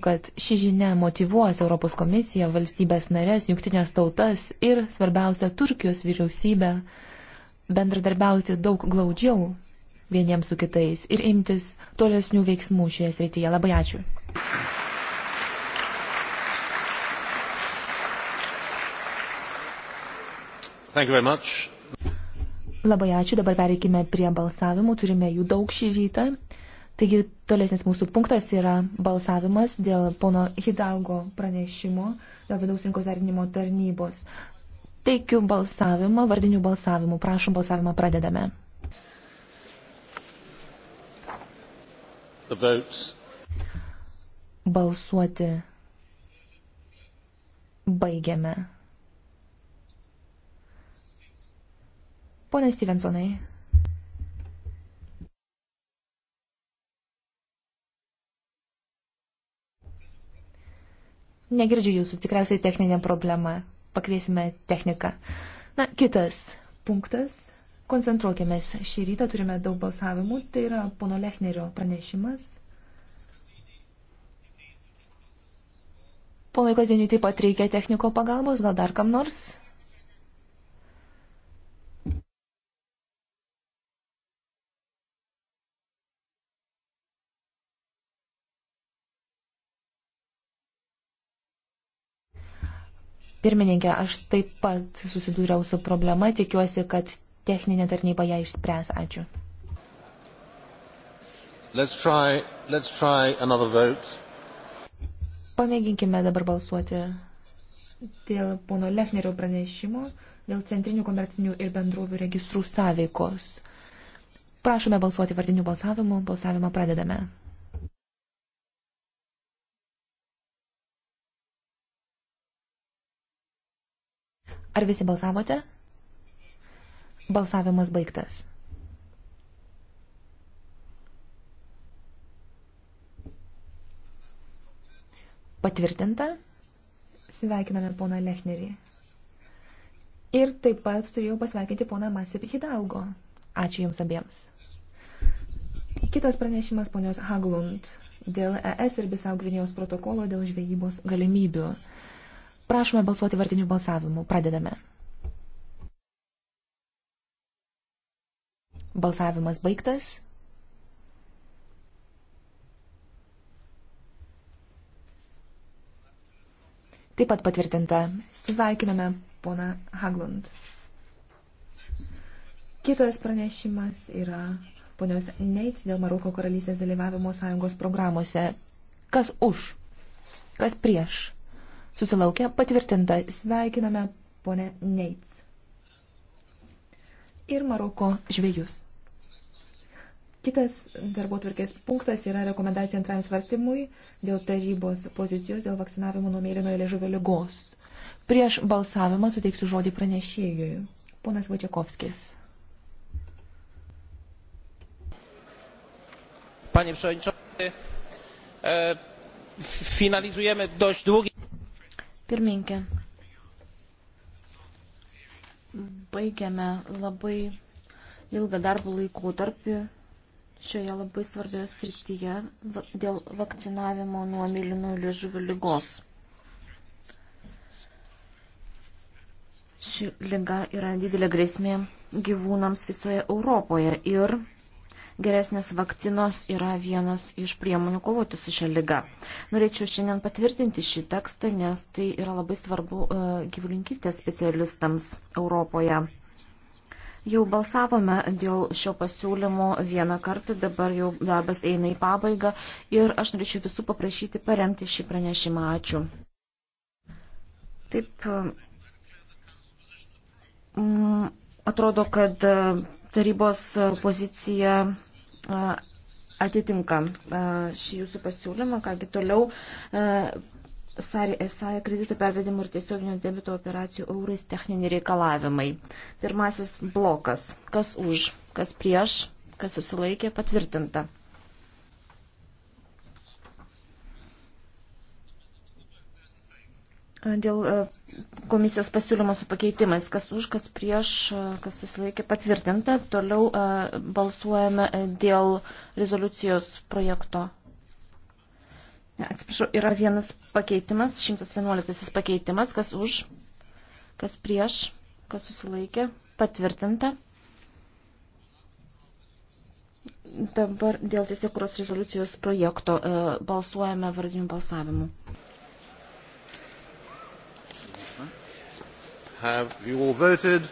kad ši žinia motivuos Europos komisiją, valstybės narės, jungtinės tautas ir, svarbiausia, Turkijos vyriausybę bendradarbiauti daug glaudžiau vieniems su kitais ir imtis tolesnių veiksmų šioje srityje. Labai ačiū. Labai ačiū, dabar pereikime prie balsavimų, turime jų daug šį rytą Taigi tolesnis mūsų punktas yra balsavimas dėl pono Hidalgo pranešimo dėl vidaus rinkos derinimo tarnybos. Teikiu balsavimą, vardinių balsavimų. Prašom, balsavimą pradedame. Balsuoti baigiame. Pone Stevensonai, Negirdžiu jūsų, tikriausiai techninė problema. Pakviesime techniką. Na, kitas punktas. Koncentruokimės. Šį rytą turime daug balsavimų. Tai yra pono Lechnerio pranešimas. Ponui Kaziniui taip pat reikia techniko pagalbos, gal dar kam nors? Pirmininkė, aš taip pat susidūriau su problema, tikiuosi, kad techninė tarnyba ją išspręs. Ačiū. Let's try, let's try Pamėginkime dabar balsuoti dėl pono Lechnerio pranešimo dėl centrinių komercinių ir bendrovių registrų sąveikos. Prašome balsuoti vardiniu balsavimu. Balsavimą pradedame. Ar visi balsavote? Balsavimas baigtas. Patvirtinta. Sveikiname poną Lechnerį. Ir taip pat turėjau pasveikinti poną Masip Hidalgo. Ačiū Jums abiems. Kitas pranešimas ponios Haglund dėl ES ir Bisau Gvinėjos protokolo dėl žvejybos galimybių. Prašome balsuoti vardiniu balsavimu. Pradedame. Balsavimas baigtas. Taip pat patvirtinta. Sveikiname pona Haglund. Kitas pranešimas yra ponios Neits dėl Maroko karalystės dalyvavimo sąjungos programuose. Kas už? Kas prieš? susilaukė patvirtinta. Sveikiname ponę Neits. Ir Maroko žvėjus. Kitas darbo tvarkės punktas yra rekomendacija antrajam svarstymui dėl tarybos pozicijos dėl vakcinavimo nuo mėlynojo liežuvio lygos. Prieš balsavimą suteiksiu žodį pranešėjui. Ponas Vačiakovskis. Panie Przewodniczący, e, finalizujemy dość długi. Pirminkė, baigiame labai ilgą darbų laikotarpį šioje labai svarbioje srityje dėl vakcinavimo nuo mėlynų liežuvių lygos. Ši lyga yra didelė grėsmė gyvūnams visoje Europoje ir geresnės vakcinos yra vienas iš priemonių kovoti su šia lyga. Norėčiau šiandien patvirtinti šį tekstą, nes tai yra labai svarbu e, gyvulinkystės specialistams Europoje. Jau balsavome dėl šio pasiūlymo vieną kartą, dabar jau darbas eina į pabaigą ir aš norėčiau visų paprašyti paremti šį pranešimą. Ačiū. Taip, e, atrodo, kad e, tarybos pozicija atitinka šį jūsų pasiūlymą, kągi toliau Sari Esaja kredito pervedimų ir tiesioginio debito operacijų eurais techniniai reikalavimai. Pirmasis blokas. Kas už, kas prieš, kas susilaikė, patvirtinta. Dėl e, komisijos pasiūlymo su pakeitimais, kas už, kas prieš, e, kas susilaikė patvirtinta, toliau e, balsuojame dėl rezoliucijos projekto. Ne, atsiprašau, yra vienas pakeitimas, 111 pakeitimas, kas už, kas prieš, kas susilaikė patvirtinta. Dabar dėl tiesiog rezoliucijos projekto balsuojame vardiniu balsavimu. Have you all voted?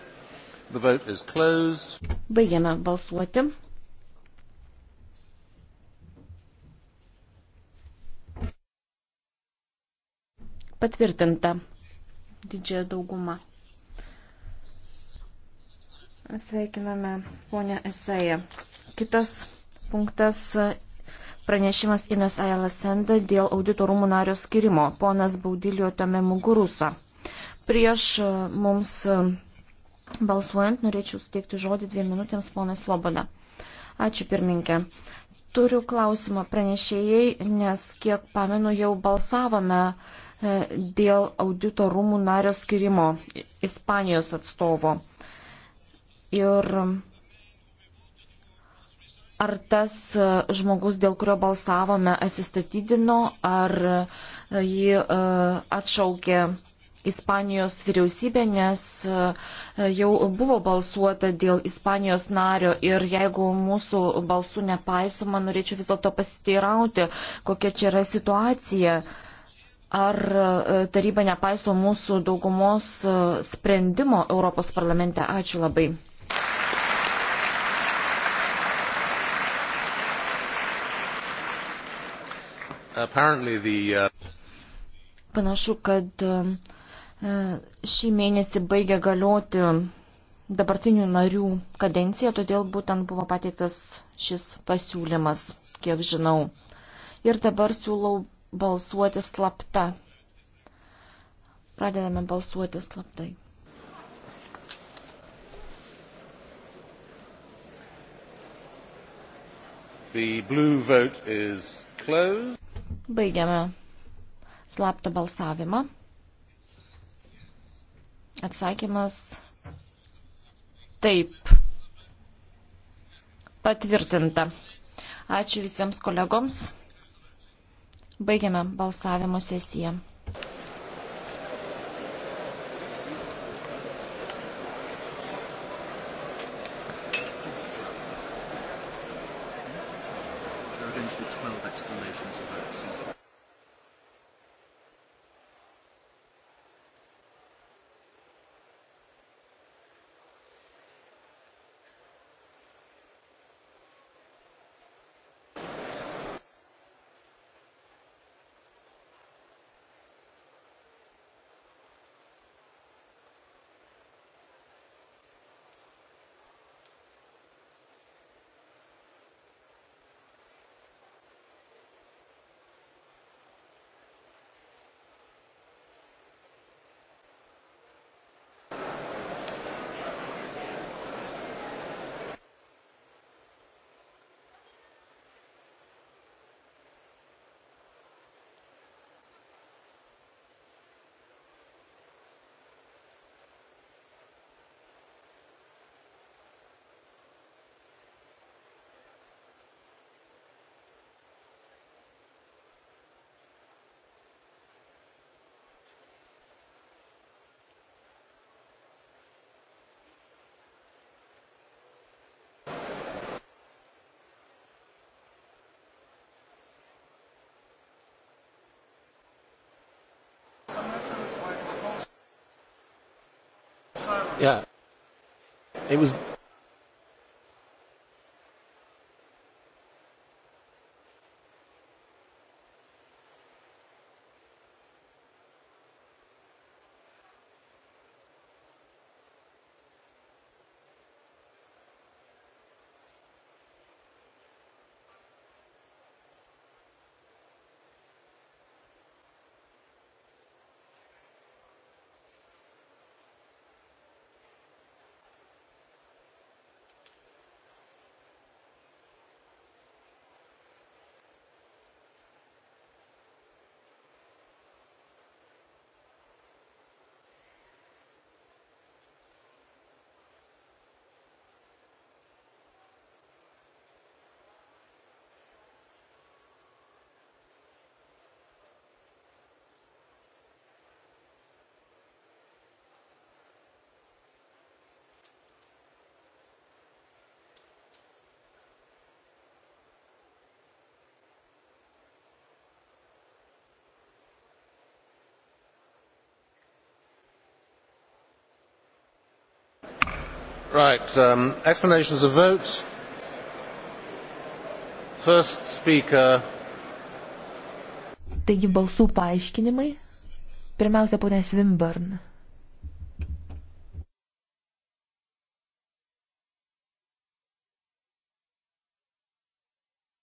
The vote is closed. Baigiame balsuoti. Patvirtinta didžiąją daugumą. Sveikiname ponę Esėją. Kitas punktas pranešimas Ines Ailasenda dėl auditorumų nario skirimo. Ponas Baudilio Tame Mugurusa. Prieš e, mums e, balsuojant norėčiau suteikti žodį dviem minutėms ponai Sloboda. Ačiū pirminkė. Turiu klausimą pranešėjai, nes kiek pamenu jau balsavome e, dėl audito rūmų nario skirimo Ispanijos atstovo. Ir ar tas žmogus, dėl kurio balsavome, atsistatydino, ar jį atšaukė Ispanijos vyriausybė, nes e, jau buvo balsuota dėl Ispanijos nario ir jeigu mūsų balsų nepaisoma, norėčiau vis dėlto pasiteirauti, kokia čia yra situacija. Ar e, taryba nepaiso mūsų daugumos e, sprendimo Europos parlamente? Ačiū labai. Uh, Panašu, kad E, šį mėnesį baigė galioti dabartinių narių kadencija, todėl būtent buvo pateiktas šis pasiūlymas, kiek žinau. Ir dabar siūlau balsuoti slapta. Pradedame balsuoti slaptai. Baigiame slaptą balsavimą. Atsakymas taip. Patvirtinta. Ačiū visiems kolegoms. Baigiame balsavimo sesiją. There are going to be 12 explanations of votes. yeah. It was Right, um, explanations of vote. First speaker. Taigi balsų paaiškinimai. Pirmiausia, ponė Svimburn.